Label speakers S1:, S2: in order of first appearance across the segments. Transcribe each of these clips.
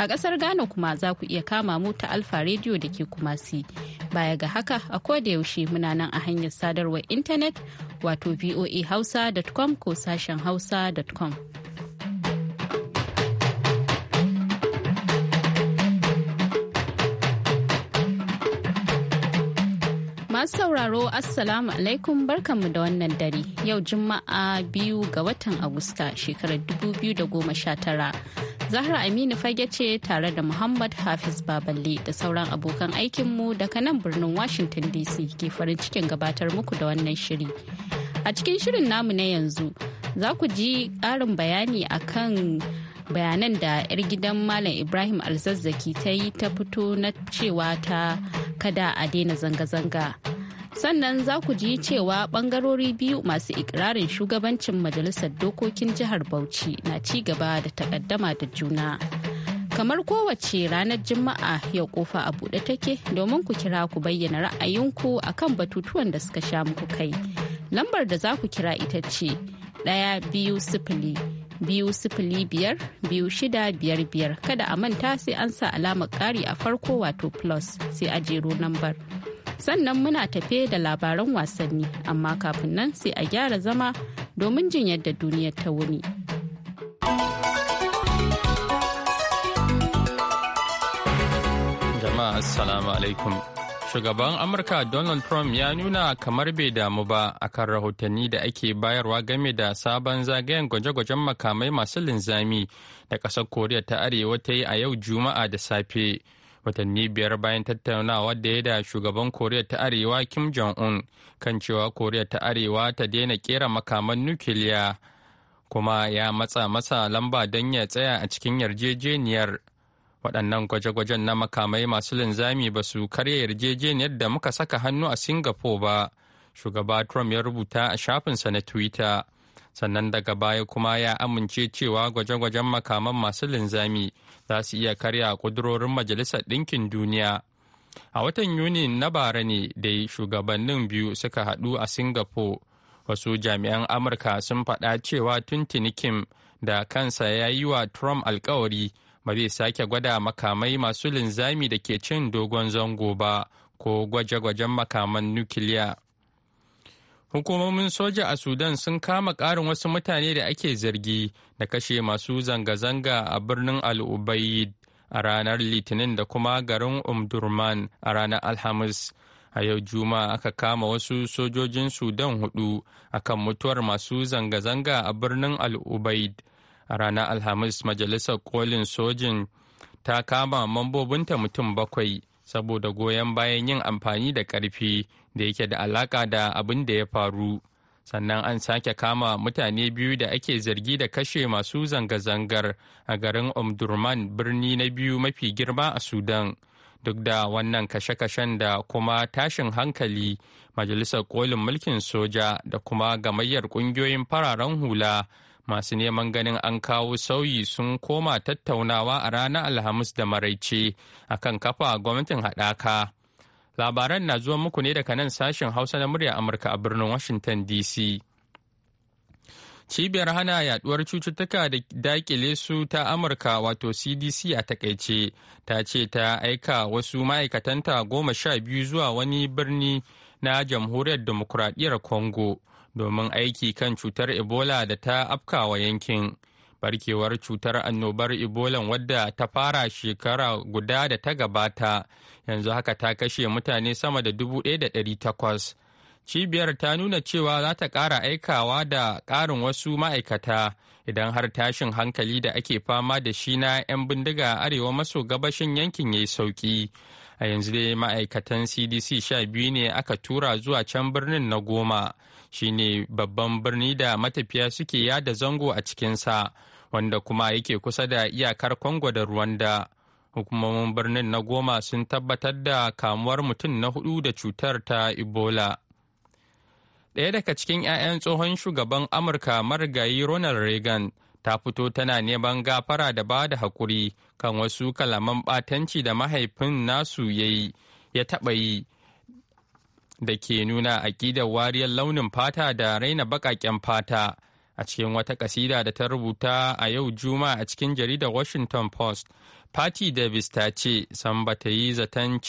S1: A ƙasar Ghana kuma za ku iya kama mu ta Alfa Radio da ke Kumasi. Baya ga haka a da yaushe muna nan a hanyar sadarwar intanet wato voa hausa.com ko sashen hausa.com. Masu sauraro Assalamu alaikum barkanmu da wannan dare yau Juma'a biyu ga watan Agusta shekarar 2019. Zahra Aminu fage ce tare da Muhammad Hafiz Baballe da sauran abokan aikinmu daga nan birnin Washington DC ke farin cikin gabatar muku da wannan shiri. A cikin shirin namu na yanzu za ku ji ƙarin bayani a kan bayanan da 'yar gidan Malam Ibrahim Alzazzaki ta yi ta fito na cewa ta kada a daina zanga-zanga sannan za ku ji cewa bangarori biyu masu ikirarin shugabancin majalisar dokokin jihar bauchi na ci gaba da takaddama da juna kamar kowace ranar juma'a ya kofa a buɗe take domin ku kira ku bayyana ra'ayinku a kan batutuwan da suka sha muku kai lambar da za ku kira ita ce ɗaya biyu sifili biyu sifili biyar biyu shida kada a manta sai an sa alamar ƙari a farko wato plus sai a jero lambar. Sannan muna tafe da labaran wasanni amma kafin nan sai a gyara zama domin jin yadda duniyar ta wuni.
S2: Jama'a Assalamu alaikum. Shugaban Amurka Donald Trump ya nuna kamar bai damu ba akan rahotanni da ake bayarwa game da sabon zagayen gwaje-gwajen makamai masu linzami da ƙasar Koriya ta Arewa ta yi a yau Juma'a da safe. watanni biyar bayan tattaunawa da ya da shugaban koriya ta arewa kim jong-un kan cewa koriya ta arewa ta daina kera makaman nukiliya kuma ya matsa masa lamba don ya tsaya a cikin yarjejeniyar waɗannan gwaje-gwajen na makamai masu linzami ba su karya yarjejeniyar da muka saka hannu a singapore ba shugaba trump ya rubuta a shafinsa na twitter sannan daga baya kuma ya amince cewa gwaje-gwajen makaman masu linzami za su iya karya ƙudurorin majalisar ɗinkin duniya a watan yuni na bara ne da shugabannin biyu suka haɗu a singapore wasu jami'an amurka sun faɗa cewa tun kim da kansa ya yi wa trump alkawari ba zai sake gwada makamai masu linzami da ke cin dogon zango ba ko gwaje-gwajen makaman nukiliya. Hukumomin soja a Sudan sun kama ƙarin wasu mutane da ake zargi da kashe masu zanga-zanga a birnin Al'ubaid a ranar Litinin da kuma garin Umdurman a ranar Alhamis. A yau Juma'a aka kama wasu sojojin Sudan hudu akan mutuwar masu zanga-zanga a birnin Al'ubaid. a ranar alhamis majalisar kolin sojin ta kama mambobinta mutum bakwai saboda goyon bayan yin amfani da karfi da yake da alaka da abin da ya faru sannan an sake kama mutane biyu da ake zargi da kashe masu zanga-zangar a garin omdurman birni na biyu mafi girma a sudan duk da wannan kashe-kashen da kuma tashin hankali majalisar kolin mulkin soja da kuma gamayyar ƙungiyoyin fararen hula masu neman ganin an kawo sauyi sun koma tattaunawa a ranar alhamis da maraice a kan kafa gwamnatin haɗaka labaran na zuwa muku ne daga nan sashen hausa na murya amurka a birnin washington dc cibiyar hana yaduwar cututtuka da dakile su ta amurka wato cdc a takaice ta ce ta aika wasu ma'aikatanta goma sha biyu zuwa wani birni na jamhuriyar demokuraɗiyyar congo domin aiki kan cutar ebola da ta afkawa yankin barkewar cutar annobar ebola wadda ta fara shekara guda da ta gabata yanzu haka ta kashe mutane sama da 1,800 cibiyar ta nuna cewa za ta ƙara aikawa da ƙarin wasu ma'aikata idan har tashin hankali da ake fama da shi na 'yan bindiga arewa maso gabashin yankin ya yi sauƙi a yanzu dai ma'aikatan cdc sha biyu ne aka tura zuwa can birnin na goma shine babban birni da matafiya suke yada zango a cikinsa wanda kuma yake kusa da iyakar congo da rwanda hukumomin birnin na goma sun tabbatar da kamuwar mutum na hudu da cutar ta ebola ɗaya daga cikin 'ya'yan tsohon shugaban amurka marigayi ronald reagan ta fito tana neman gafara da ba da haƙuri kan wasu kalaman ɓatanci da mahaifin nasu ya yi ya taɓa yi da ke nuna aƙidar wariyar launin fata da raina baƙaƙen fata a cikin wata ƙasida da ta rubuta a yau juma a cikin jaridar washington post Patti Davis ta ce san bata yi zaton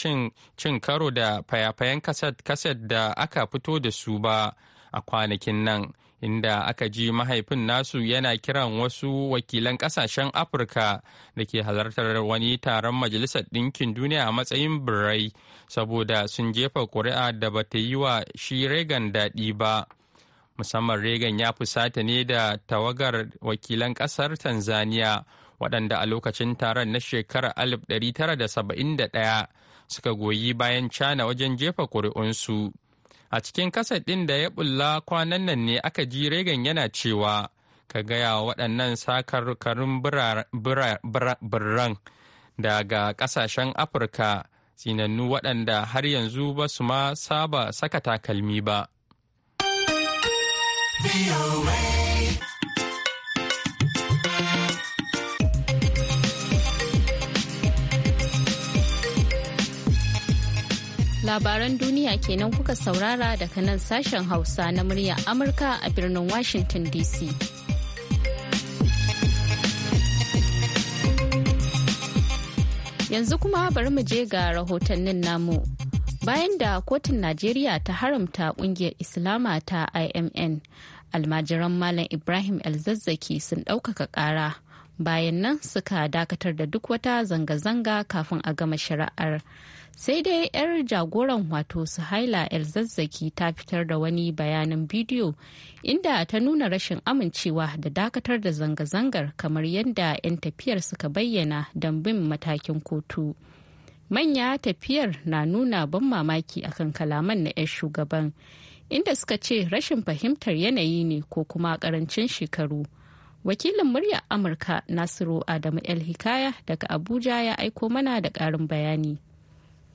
S2: cin karo da fayafayen kaset kaset da aka fito da su ba a kwanakin nan inda aka ji mahaifin nasu yana kiran wasu wakilan kasashen afirka da ke halartar wani taron majalisar ɗinkin duniya a matsayin birrai saboda sun jefa ƙuri'a da ba ta yi wa shi regan daɗi ba musamman regan ya fusata ne da tawagar wakilan ƙasar tanzania waɗanda a lokacin taron na shekarar 1971 suka goyi bayan cana wajen jefa ƙuri'unsu. A cikin kasar ɗin da ya bulla kwanan nan ne aka ji Reagan yana cewa, ka gaya waɗannan sakarkarin birran daga ƙasashen Afirka tsinannu waɗanda har yanzu ba su ma saba saka takalmi ba.
S1: Labaran duniya kenan kuka saurara daga nan sashen Hausa na murya Amurka a birnin Washington DC. Yanzu kuma bari mu je ga rahotannin namu. Bayan da kotun Najeriya ta haramta kungiyar Islama ta IMN, almajiran Malam Ibrahim Elzazzaki sun ɗaukaka ƙara. bayan nan suka dakatar da duk wata zanga-zanga kafin a gama shari'ar sai dai 'yar jagoran wato suhaila zazzaki ta fitar da wani bayanin bidiyo inda ta nuna rashin amincewa da dakatar da zanga-zangar kamar yadda 'yan tafiyar suka bayyana don bin matakin kotu manya tafiyar na nuna ban mamaki akan kalaman na 'yan shugaban inda suka ce rashin fahimtar yanayi ne ko kuma karancin shekaru. wakilin murya amurka nasiru adamu el hikaya daga abuja ya aiko mana da ƙarin bayani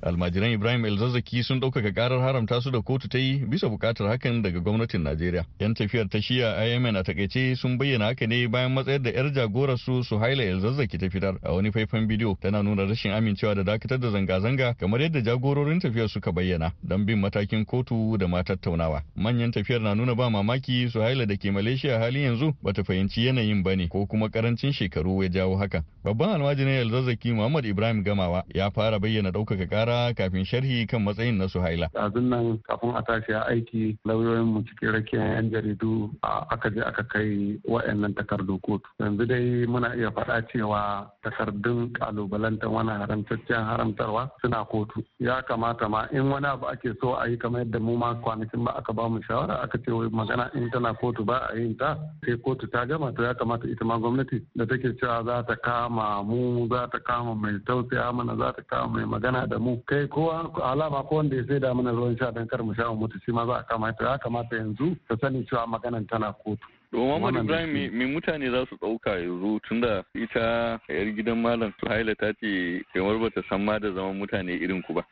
S3: almajiran ibrahim elzazzaki sun ɗaukaka karar haramta su da kotu ta yi bisa bukatar hakan daga gwamnatin najeriya yan tafiyar ta shiya imn a takaice sun bayyana haka ne bayan matsayar da yar jagorar su haila El-Zazzaki ta fitar a wani faifan bidiyo tana nuna rashin amincewa da dakatar da zanga-zanga kamar yadda jagororin tafiyar suka bayyana don bin matakin kotu da ma tattaunawa manyan tafiyar na nuna ba mamaki su haila da ke malaysia halin yanzu bata fahimci yanayin ba ne ko kuma karancin shekaru ya jawo haka babban almajirin elzazzaki muhammad ibrahim gamawa ya fara bayyana ɗaukaka kara kafin sharhi kan matsayin na Suhaila.
S4: Ɗazun nan kafin a tashi a aiki lauyoyin mu cikin rakiyar 'yan jaridu aka je aka kai wa'annan takardu kotu. Yanzu dai muna iya faɗa cewa takardun kalubalantar wani haramtaccen haramtarwa suna kotu. Ya kamata ma in wani abu ake so a yi kamar yadda mu ma kwanakin ba aka ba mu shawara aka ce wai magana in tana kotu ba a yin ta sai kotu ta gama to ya kamata ita ma gwamnati da take cewa za ta kama mu za ta kama mai tausaya mana za ta kama mai magana da mu kai kowa alama ko wanda ya sai da mana ruwan sha don kar mu sha mu mutu shi ma za a kamata ya kamata yanzu ta sani cewa maganan tana kotu
S3: Muhammad Ibrahim me mutane za su ɗauka yanzu tunda ita yar gidan Malam Suhaila ta ce kamar bata san ma da zaman mutane irin ku ba.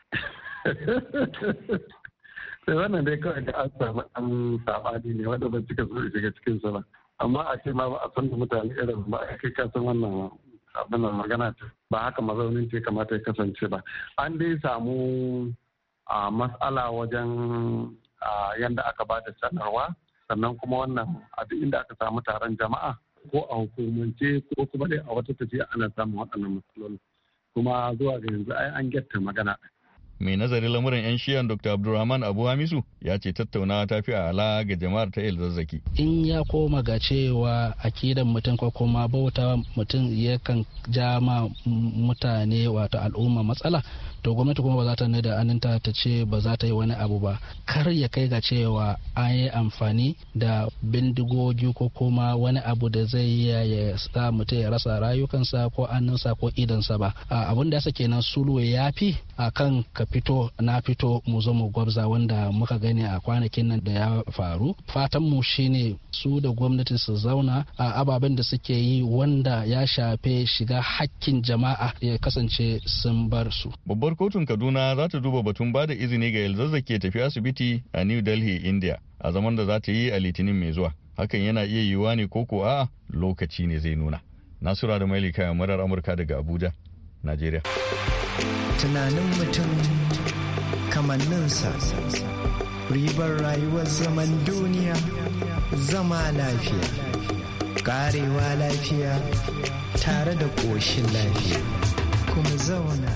S4: Sai wannan dai kawai da an samu an sabani ne wanda ban cika so shiga cikin sa ba. Amma a ce ma ba a san da mutane irin ba a kai kasan wannan abin magana ba haka mazaunin ce kamata ya kasance ba an dai samu a matsala wajen yadda aka ba da sanarwa sannan kuma wannan a duk inda aka samu taron jama'a ko a hukumance ko kuma dai a wata tafiya ana samun waɗannan
S3: matsaloli kuma zuwa ga yanzu ai an getta magana mai nazarin lamuran 'yan shiyan dr abdulrahman abu hamisu ya ce tattaunawa ta fi ala ga jama'ar ta el zazzaki in ya
S5: koma ga cewa akidan mutum ko kuma bauta mutum ya kan ja ma mutane wato al'umma matsala to gwamnati kuma ba za ta da aninta ta ce ba za ta yi wani abu ba kar ya kai ga cewa an yi amfani da bindigogi ko kuma wani abu da zai yi ya sa mutum ya rasa rayukansa ko annansa ko idansa ba abin da ya kenan sulu ya fi a kan ka fito na fito mu zo mu gwabza wanda muka gani a kwanakin nan da ya faru fatan mu shine su da gwamnati su zauna a ababen da suke yi wanda ya shafe shiga hakkin jama'a ya kasance sun bar su
S3: babbar kotun kaduna za ta duba batun ba da izini ga yalzazzake tafi asibiti a new delhi india a zaman da za ta yi a litinin mai zuwa hakan yana iya yiwuwa ne ko ko a'a lokaci ne zai nuna nasura da mailika murar amurka daga abuja najeriya tunanin
S6: mutum kamannin kamanninsa ribar rayuwar zaman duniya zama lafiya karewa lafiya tare da ƙoshin lafiya kuma zauna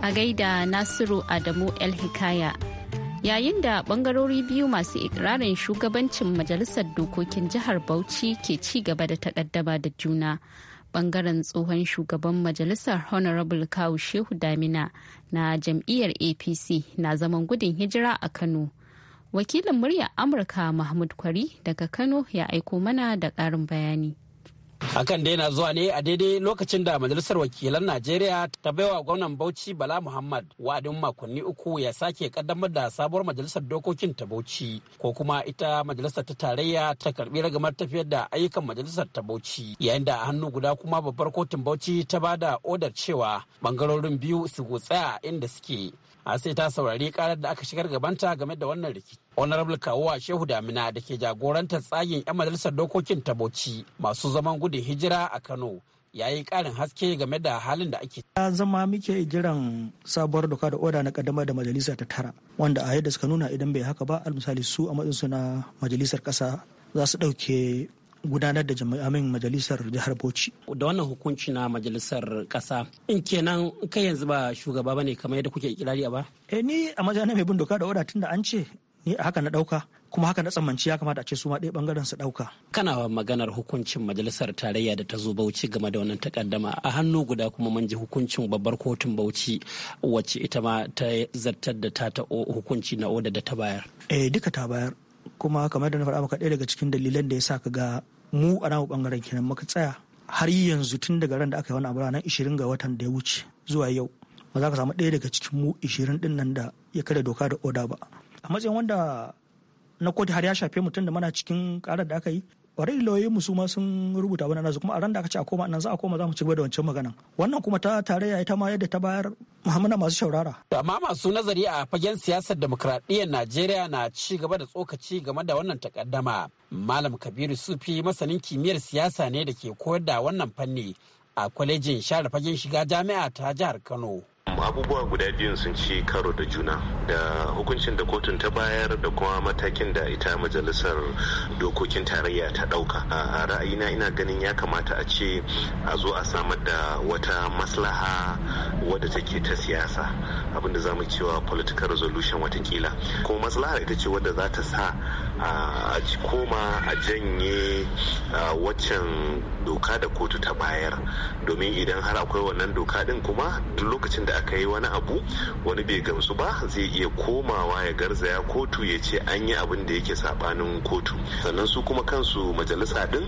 S1: a gaida nasiru adamu el hikaya yayin da ɓangarori biyu masu ikirarin shugabancin majalisar dokokin jihar bauchi ke ci gaba da takaddama da juna bangaren tsohon shugaban majalisar honorable kawu shehu damina na jam'iyyar apc na zaman gudun hijira a kano wakilin muryar amurka mahmud kwari daga kano ya aiko mana da ƙarin bayani
S5: Hakan dai na zuwa ne a daidai lokacin da Majalisar Wakilan Najeriya ta baiwa gwamnan Bauchi Bala Muhammad wa'adin makonni uku ya sake kaddamar da sabuwar Majalisar Dokokin ta Bauchi ko kuma ita Majalisar ta Tarayya ta karbi ragamar tafiyar da ayyukan Majalisar ta Bauchi yayin da hannu guda kuma babbar kotun Bauchi ta ba da odar cewa bangarorin biyu su tsaya inda suke. A sai ta saurari karar da aka shigar gabanta game da wannan rikici. honorable kawuwa shehu damina da ke jagorantar tsagin 'yan majalisar dokokin ta bauchi masu zaman gudun hijira a kano ya yi karin haske game da halin da ake
S6: ya zama muke jiran sabuwar doka da oda na kaddamar da majalisa ta tara wanda a yadda suka nuna idan bai haka ba misali su a su na majalisar kasa za su ɗauke gudanar da jami'amin majalisar jihar Bauchi.
S5: Da wannan hukunci na majalisar kasa in kenan kai yanzu ba shugaba bane kamar yadda kuke kirari a ba? Eh ni a majalisar
S6: mai bin doka da oda tunda an ce ni haka na ɗauka kuma haka na tsammanci ya kamata a ce su ma ɗaya bangaren su ɗauka.
S5: Kana maganar hukuncin majalisar tarayya da ta zo Bauchi game da wannan takaddama a hannu guda kuma mun ji hukuncin babbar kotun Bauchi wacce ita ma ta zartar da ta ta hukunci na oda da ta bayar.
S6: Eh duka ta bayar kuma kamar da na faɗa maka ɗaya daga cikin dalilan da ya sa ka ga mu a namu bangaren kenan muka tsaya har yanzu tun daga ran da aka yi wani abu ranar ishirin ga watan da ya wuce zuwa yau ba za ka samu ɗaya daga cikin mu ishirin ɗin nan da ya kada doka da oda ba matsayin wanda na kotu har ya shafe mutum da mana cikin karar da aka yi ƙwararri lauyoyi mu su ma sun rubuta wani nasu kuma a ran da aka ce a koma nan za a koma za mu ci gaba da wancan magana wannan kuma ta tarayya ita ma yadda ta bayar muhammadu masu shaurara.
S5: amma masu nazari a fagen siyasar demokradiyyar najeriya na ci gaba da tsokaci game da wannan takaddama malam kabiru sufi masanin kimiyyar siyasa ne da ke koyar da wannan fanni a kwalejin share fagen shiga jami'a ta jihar kano
S7: abubuwa guda biyun sun ci karo da juna da hukuncin da kotun ta bayar da kuma matakin da ita majalisar dokokin tarayya ta dauka a ra'ayina ina ganin ya kamata a ce a zo a samar da wata maslaha wadda take ta siyasa abinda za mu cewa political resolution watakila kuma maslaha ita ce wadda za ta sa a koma a janye waccan doka da kotu ta bayar domin idan har akwai wannan doka din kuma duk lokacin da aka yi wani abu wani bai gamsu ba zai iya komawa ya garzaya kotu ya ce an yi abin da yake sabanin kotu sannan su kuma kansu majalisa din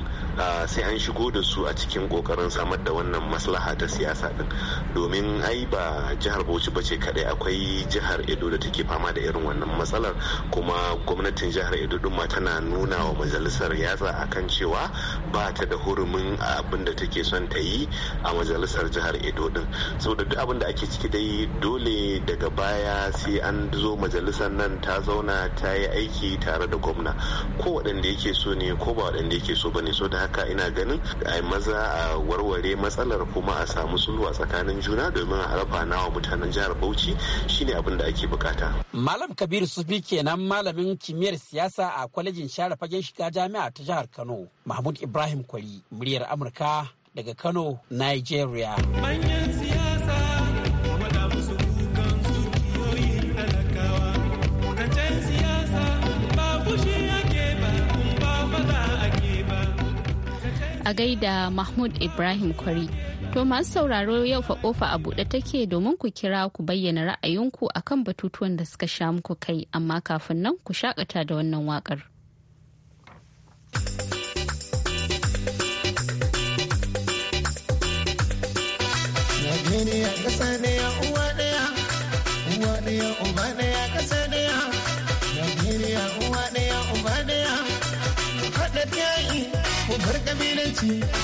S7: sai an shigo da su a cikin kokarin samar da wannan maslaha ta siyasa din domin ai ba jihar bauchi ba ce kadai akwai jihar edo da take fama da irin wannan matsalar kuma gwamnatin jihar edo ma tana nuna wa majalisar yatsa a kan cewa ba ta da hurumin abin da take son ta yi a majalisar jihar edo din saboda duk abin da ake ciki dai dole daga baya sai an zo majalisar nan ta zauna ta yi aiki tare da gwamna ko waɗanda yake so ne ko ba waɗanda yake so ba ne so da haka ina ganin a maza a warware matsalar kuma a samu sulhu a tsakanin juna domin a harafa nawa mutanen jihar bauchi shine abin da ake bukata
S5: malam kabiru sufi kenan malamin kimiyyar siyasa farfesa a kwalejin share fagen shiga jami'a ta jihar Kano, Mahmud Ibrahim Kwari, muryar Amurka daga Kano, Nigeria.
S1: A gaida Mahmud Ibrahim Kwari. To masu sauraro yau fa kofa a buɗe take domin ku kira ku bayyana ra'ayinku akan batutuwan da suka sha muku kai amma kafin nan ku shakata da wannan wakar.
S7: Najeriya ƙasa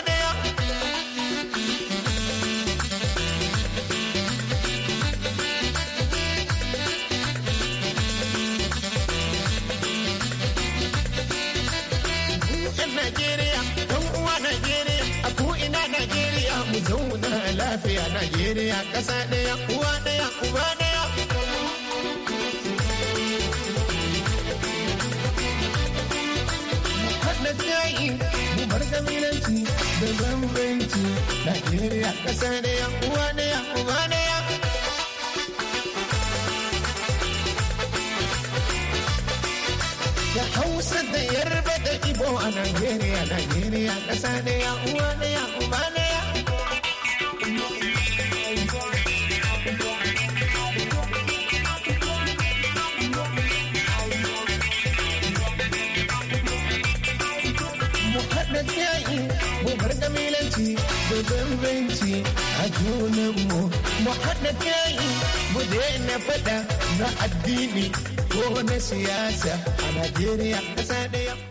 S7: Najeriya a ko'ina Najeriya mu zauna lafiya Najeriya ƙasa ɗaya uwa ɗaya uba ɗaya. Haɗa jayi mu bar kabilanci da bambanci Najeriya ƙasa ɗaya uwa ɗaya uba ɗaya. Da Hausa da a Najeriya, Najeriya ƙasa ne ya uwa ne ya uba ne ya. Mu haɗa yayi, mu bar ƙabilanci da bambanci a junanmu. Mu haɗa yayi, mu daina faɗa na addini ko na siyasa a Najeriya ƙasa ɗaya.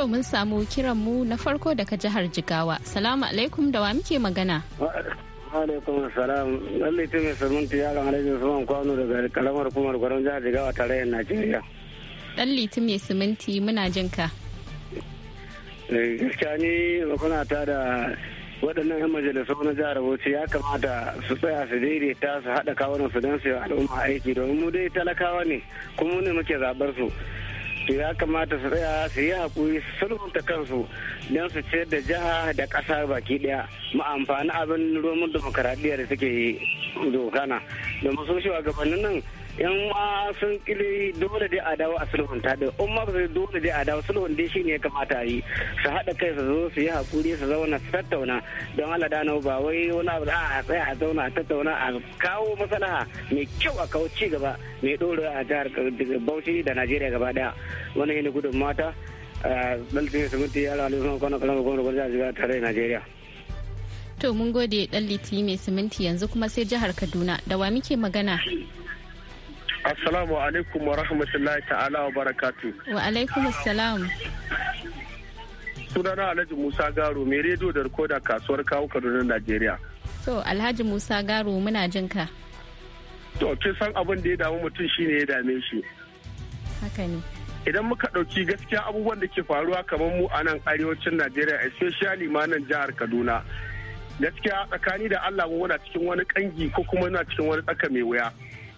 S1: to mun samu kiran mu na farko daga jihar Jigawa. Salamu alaikum da wa muke magana.
S8: alaikum salam lallai ta mai sarmunta yaron alaikum suman kwano daga karamar kuma gwaron jihar jigawa tarayyar najeriya
S1: dan litin mai siminti muna jin ka
S8: eh, gaskiya ni kuna ta da waɗannan 'yan majalisa na jihar bauchi ya kamata su tsaya su daidaita su haɗa kawunan su don su yi al'umma aiki domin mu dai talakawa ne kuma ne muke zaɓar su to ya kamata su tsaya su yi haƙuri su sulhunta kansu don su ciyar da jiha da ƙasa baki ɗaya mu amfani abin roman dimokuraɗiyya da suke dokana domin wa gabanin nan in ma sun kili dole dai a dawo a sulhunta da in ma su dole dai a dawo sulhun dai shine ya kamata a yi su haɗa kai su zo su yi hakuri su zauna su tattauna don Allah da ba wai wani abu a tsaya a zauna a tattauna a kawo maslaha mai kyau a kawo ci gaba mai ɗora a jihar Bauchi da Najeriya gaba daya wani ne gudun mata dalilin siminti yara alisun kwana kalamar gwamnati gwamnati jihar tare Najeriya.
S1: To mun gode ɗan litini mai siminti yanzu kuma sai jihar Kaduna da wa muke magana?
S9: Assalamu alaikum wa rahmatullahi ta'ala wa barakatu.
S1: Wa alaikum assalam.
S9: Sunana Alhaji Musa Garo mai rediyo da rikoda kasuwar kawo Kaduna Najeriya.
S1: To Alhaji Musa Garo muna jin ka.
S9: To kin san abin da ya damu mutum shine ya dame shi. Haka ne. Idan muka ɗauki gaskiya abubuwan da ke faruwa kamar mu a nan arewacin Najeriya especially ma nan jihar Kaduna. Gaskiya tsakani da Allah muna cikin wani kangi ko kuma muna cikin wani tsaka mai wuya.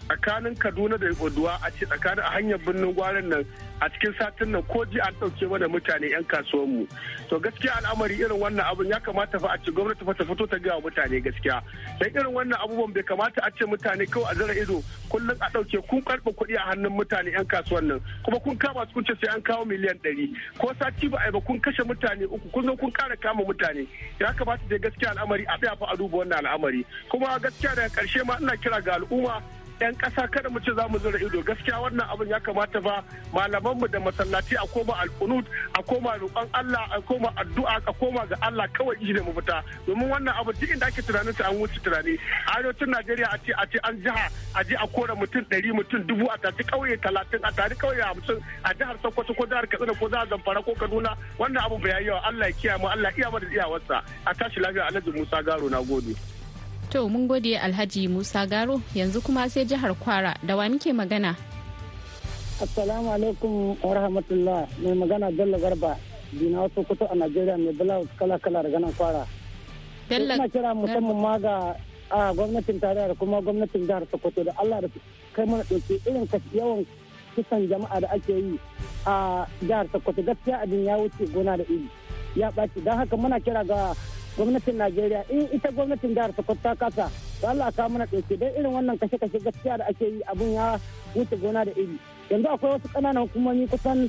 S9: tsakanin kaduna da oduwa a ce tsakanin a hanyar birnin gwarin nan a cikin satin nan ko ji an ɗauke mana mutane 'yan mu to gaskiya al'amari irin wannan abun ya kamata fa a ce gwamnati fa ta fito ta gaya mutane gaskiya sai irin wannan abubuwan bai kamata a ce mutane kawai a zara ido kullum a ɗauke kun karɓa kuɗi a hannun mutane 'yan kasuwan nan kuma kun kama su kun sai an kawo miliyan ɗari ko sati ba a ba kun kashe mutane uku kun zo kun ƙara kama mutane ya kamata dai gaskiya al'amari a tsaya fa a duba wannan al'amari kuma gaskiya daga karshe ma ina kira ga al'umma 'yan ƙasa kada mu ce za mu zura ido gaskiya wannan abin ya kamata ba malamanmu da masallaci a koma alkunut a koma roƙon Allah a koma addu'a a koma ga Allah kawai shi ne mu domin wannan abu duk inda ake tunanin sa an wuce tunani arewacin Najeriya a ce a ce an jiha a je a kora mutum ɗari mutum dubu a tafi ƙauye talatin a tari ƙauye hamsin a jihar Sokoto ko jihar Katsina ko jihar Zamfara ko Kaduna wannan abu bai yawa Allah ya kiyaye mu Allah ya iya mana iyawarsa a tashi lafiya Alhaji Musa Garo na gode.
S1: To mun gode Alhaji Musa Garo yanzu kuma sai jihar Kwara da wa muke magana.
S10: Assalamu alaikum wa rahmatullah mai magana Bello Garba Dina wasu kuto a Najeriya mai bala kala kala da nan Kwara. Bello Garba. kira musamman ma ga gwamnatin tarayya da kuma gwamnatin jihar Sokoto da Allah da kai mana ɗauki irin yawan kisan jama'a da ake yi a jihar Sokoto gaskiya abin ya wuce gona da iri ya ɓaci don haka muna kira ga gwamnatin najeriya in ita gwamnatin jihar sokoto ta kasa to allah ka mana ɗauke don irin wannan kashe-kashe gaskiya da ake yi abun ya wuce gona da iri yanzu akwai wasu kananan hukumomi kusan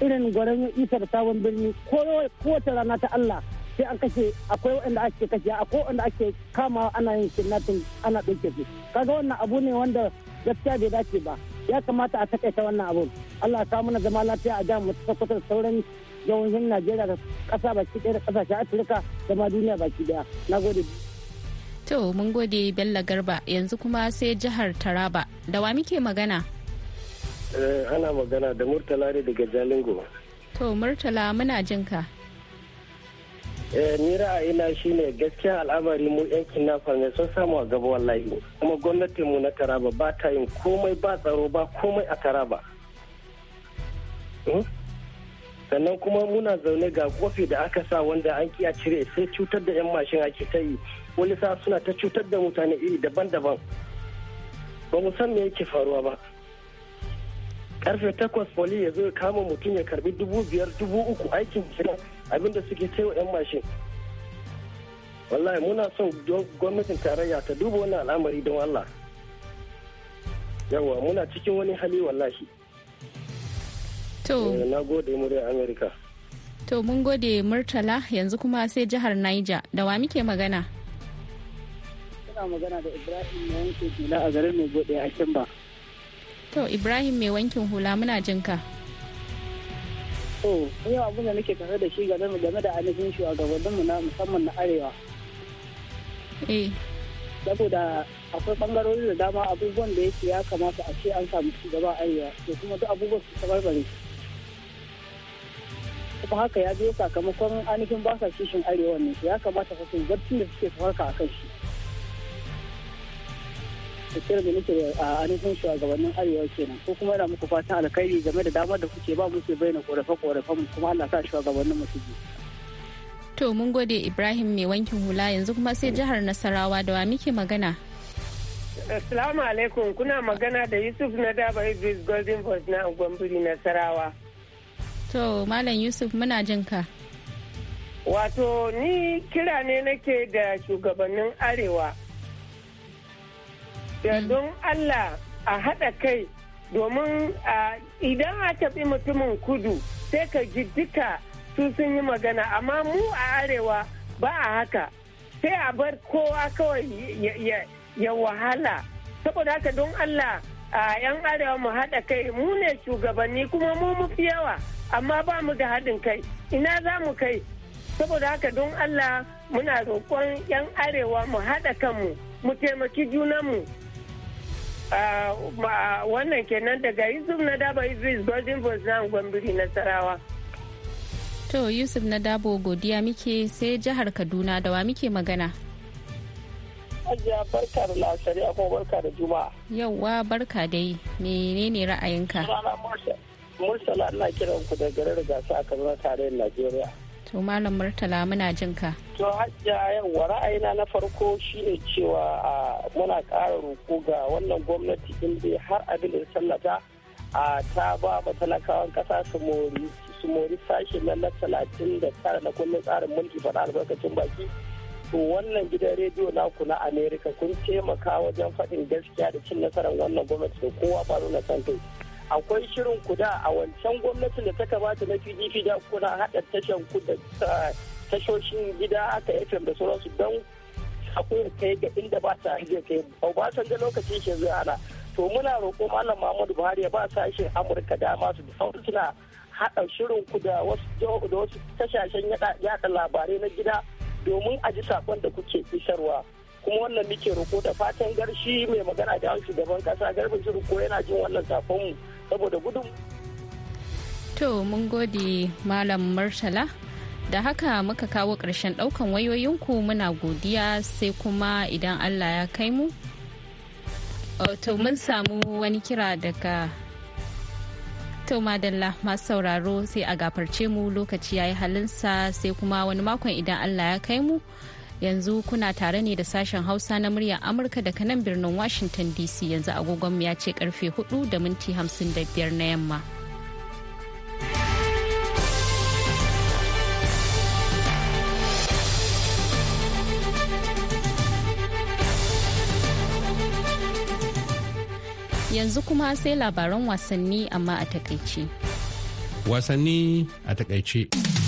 S10: irin gwaran isa da sabon birni kowace rana ta allah sai an kashe akwai wanda ake kashe akwai wanda ake kamawa ana yin kidnapping ana ɗauke su kaga wannan abu ne wanda gaskiya bai dace ba ya kamata a takaita wannan abun Allah ya samu na zama lafiya a da mu ta sauran jihohin Najeriya da kasa baki ɗaya da kasashen Afirka da ma duniya baki ɗaya na gode
S1: to mun gode Bello Garba yanzu kuma sai jihar Taraba da wa muke magana
S11: eh, ana magana da Murtala ne daga Jalingo
S1: to Murtala muna jinka ka
S11: Eh, ni ra'ayina shine gaskiya al'amari mu yankin na ne sun samu a gaba wallahi kuma gwamnatin mu na taraba ba ta yin komai ba tsaro ba komai a taraba hmm? sannan kuma muna zaune ga kofi da aka sa wanda an kiya cire sai cutar da 'yan mashin ake ta yi wani sa suna ta cutar da mutane iri daban-daban ba mu san me yake faruwa ba karfe takwas foli ya zo ya kama mutum ya karbi dubu biyar dubu uku aikin abinda suke taiwa 'yan mashin wallahi muna son gwamnatin tarayya ta duba wannan al'amari don Allah yawa muna cikin wani hali wallahi to eh, na gode murya amerika
S1: to mun gode murtala yanzu kuma sai jihar niger da wa muke magana
S10: Ina magana da ibrahim mai wankin hula a garin mai gode a kimba
S1: to ibrahim mai wankin hula muna jinka ka
S10: to ni abin da nake tare da shi game da ainihin shugabanninmu na musamman na arewa eh. saboda akwai bangarori da dama abubuwan da yake ya kamata a ce an samu shugaba arewa da kuma duk abubuwan su tabarbare kuma haka ya biyo sakamakon ainihin basa kishin arewa ne ya kamata su zartun da suke farka a kan shi tafiyar da nake a ainihin shugabannin arewa kenan ko kuma yana muku fatan alkhairi game da damar da kuke ba muke bayyana korafe-korafen mu kuma Allah sa shugabannin mu su ji.
S1: To mun gode Ibrahim mai wankin hula yanzu kuma sai jihar Nasarawa da wa muke magana.
S12: Assalamu alaikum kuna magana da Yusuf na Daba Idris Golden Voice na Gwamburi Nasarawa.
S1: To Malam Yusuf muna jin ka.
S12: Wato ni kira ne nake da shugabannin Arewa. don Allah a haɗa kai domin idan a tafi mutumin kudu sai ka ji su sun yi magana amma mu a arewa ba a haka sai a bar kowa kawai ya wahala saboda haka don Allah a yan arewa mu haɗa kai mu ne shugabanni kuma mu mafi yawa amma ba mu da haɗin kai ina za mu kai saboda haka don Allah muna roƙon yan arewa mu haɗa kanmu mu taimaki junanmu Ah, wannan kenan daga yusuf na daba idris golden bozan gwambiri nasarawa
S1: to yusuf na dabo godiya muke sai jihar kaduna da wa muke magana
S11: ajiya barka da lasari a kuma barka da juma'a.
S1: Yauwa barka dai menene ra'ayinka?
S11: murtala Mursala ina kiran ku da garin gasa a Kaduna tarayyar Najeriya.
S1: To Malam Murtala muna jin ka.
S11: To hajjia wa ra'ayina na farko shine cewa muna ƙara ruku ga wannan gwamnati in dai har abin da sallata a ta ba talakawan ƙasa su mori su mori sashe na talatin da tara na kundin tsarin mulki faɗa albarkacin baki to wannan gidan rediyo naku na amerika kun taimaka wajen faɗin gaskiya da cin nasarar wannan gwamnati da kowa ba nuna san kai akwai shirin kuda a wancan gwamnatin da ta kamata na pdp da kuna haɗa tashan kuda eh, tashoshin gida aka fm da sauransu don akwai kai ga inda ba ta hanyar kai da lokacin shi zai ana to muna roƙo malam muhammadu buhari ya ba sashen amurka dama su sauran suna haɗa shirin ku da wasu da wasu tashashen yaɗa labarai na gida domin a ji sakon da kuke isarwa kuma wannan muke roko da fatan garshi mai magana da shugaban kasa garbin shiru roko yana jin wannan sakonmu saboda gudun
S1: to mun gode malam murtala da haka muka kawo ƙarshen ɗaukan wayoyinku muna godiya sai kuma idan allah ya kai mu oh, to mun samu wani kira daga to madalla masu sauraro sai a gafarce mu lokaci ya yi halinsa sai kuma wani makon idan allah ya kai mu yanzu kuna tare ne da sashen hausa na muryar amurka daga nan birnin washington dc yanzu agogonmu ya ce karfe 4 da minti 55 na yamma yanzu kuma sai labaran wasanni amma a takaice
S13: wasanni a takaice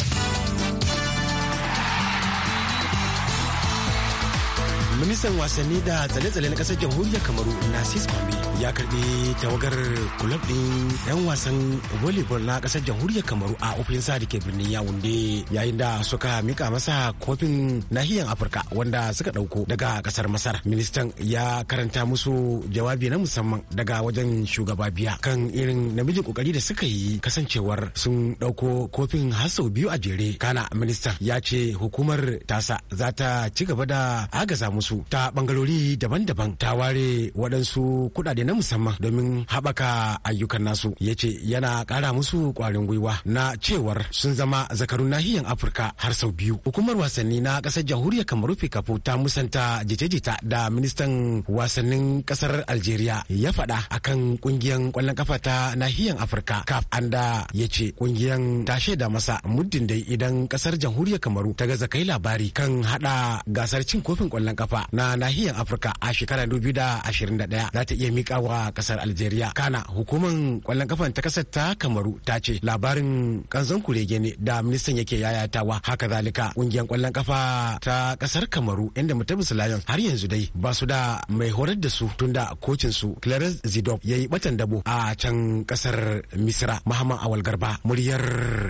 S13: ministan wasanni da tsale-tsale na kasar jamhuriyar kamaru nasis kwambi ya karbi tawagar kulab din yan wasan volleyball na kasar jamhuriyar kamaru a sa da ke birnin yawunde yayin da suka mika masa kofin nahiyar afirka wanda suka ɗauko daga ƙasar masar ministan ya karanta musu jawabi na musamman daga wajen shugaba biya kan irin namijin kokari da suka yi kasancewar sun ɗauko kofin har sau biyu a jere kana ministan ya ce hukumar tasa za ta ci gaba da agaza musu ta bangarori daban-daban ta ware waɗansu kuɗaɗe na musamman domin haɓaka ayyukan nasu ya ce yana ƙara musu ƙwarin gwiwa na cewar sun zama zakarun nahiyan afirka har sau biyu hukumar wasanni na ƙasar jamhuriyar kamaru fikafu ta musanta jita-jita da ministan wasannin ƙasar algeria ya faɗa akan ƙungiyar ƙwallon ƙafa ta nahiyan afirka kaf anda ya ce ƙungiyar ta shaida masa muddin dai idan ƙasar jamhuriyar kamaru ta gaza kai labari kan haɗa gasar cin kofin ƙwallon ƙafa na nahiyan afirka a shekarar 2021 za ta iya miƙa wa kasar Algeria. Kana hukumar kwallon kafan ta kasar ta Kamaru ta ce labarin kanzon kurege ne da ministan yake yayatawa haka zalika kungiyar kwallon kafa ta kasar Kamaru inda Mutabus Lions har yanzu dai ba su da mai horar da su tunda kocin su Clarence Zidop yi batan dabo a can kasar Misra Muhammad Awal Garba muryar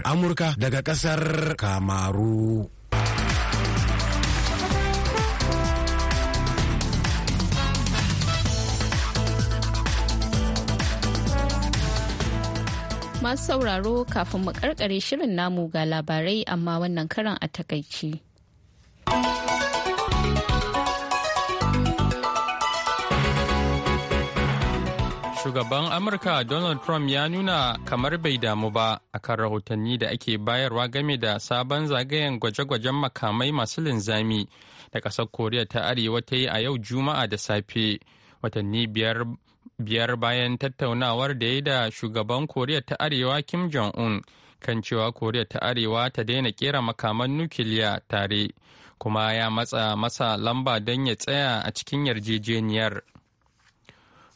S13: Amurka daga kasar Kamaru.
S1: Masu sauraro kafin mu karkare shirin namu ga labarai amma wannan karan a takaici.
S2: Shugaban Amurka Donald Trump ya nuna kamar bai damu ba akan rahotanni da ake bayarwa game da sabon zagayen gwaje-gwajen makamai masu linzami da ƙasar Koriya ta Arewa ta yi a yau Juma'a da safe. Watanni biyar biyar bayan tattaunawar da ya da shugaban koriya ta arewa kim jong-un kan cewa koriya ta arewa ta daina kera makaman nukiliya tare kuma ya matsa masa lamba don ya tsaya a cikin yarjejeniyar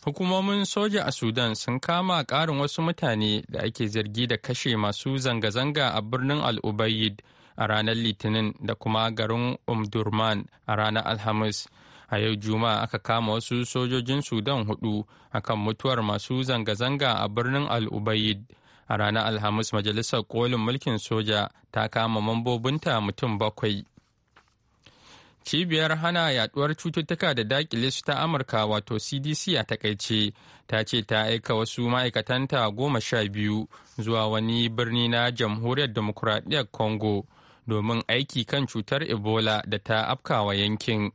S2: hukumomin soja a sudan sun kama ƙarin wasu mutane da ake zargi da kashe masu zanga-zanga a birnin al'ubayid a ranar litinin da kuma garin umdurman a ranar alhamis a yau juma'a aka kama wasu sojojin sudan hudu akan mutuwar masu zanga-zanga a birnin al'ubayid a ranar alhamis majalisar kolin mulkin soja ta kama mambobinta mutum bakwai cibiyar hana yaduwar cututtuka da dakile su ta amurka wato cdc a takaice ta ce ta aika wasu ma'aikatanta goma sha biyu zuwa wani birni na jamhuriyar demokuraɗiyyar congo domin aiki kan cutar ebola da ta afkawa yankin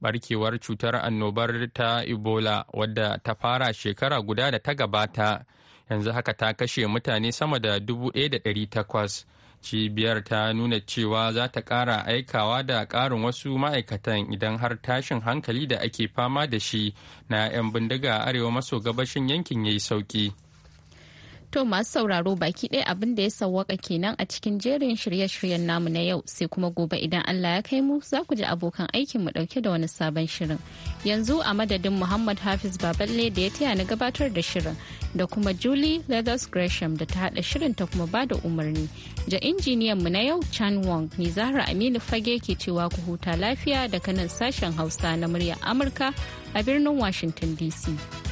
S2: barkewar cutar annobar ta ebola wadda ta fara shekara guda da ta gabata yanzu haka ta kashe mutane sama da 1,800 cibiyar ta nuna cewa za ta kara aikawa da karin wasu ma'aikatan idan har tashin hankali da ake fama da shi na 'yan bindiga arewa maso gabashin yankin ya yi sauki.
S1: To masu sauraro baki ɗaya abin da ya sawwaka kenan a cikin jerin shirye-shiryen namu na yau sai kuma gobe idan Allah ya kai mu za ku ji abokan aikin mu ɗauke da wani sabon shirin. Yanzu a madadin Muhammad Hafiz Baballe da ya taya ni gabatar da shirin da kuma Julie Leathers Gresham da ta haɗa shirin ta kuma ba da umarni. ja injiniyan mu na yau Chan Wong ni Zahra Aminu Fage ke cewa ku huta lafiya daga nan sashen Hausa na muryar Amurka a birnin Washington DC.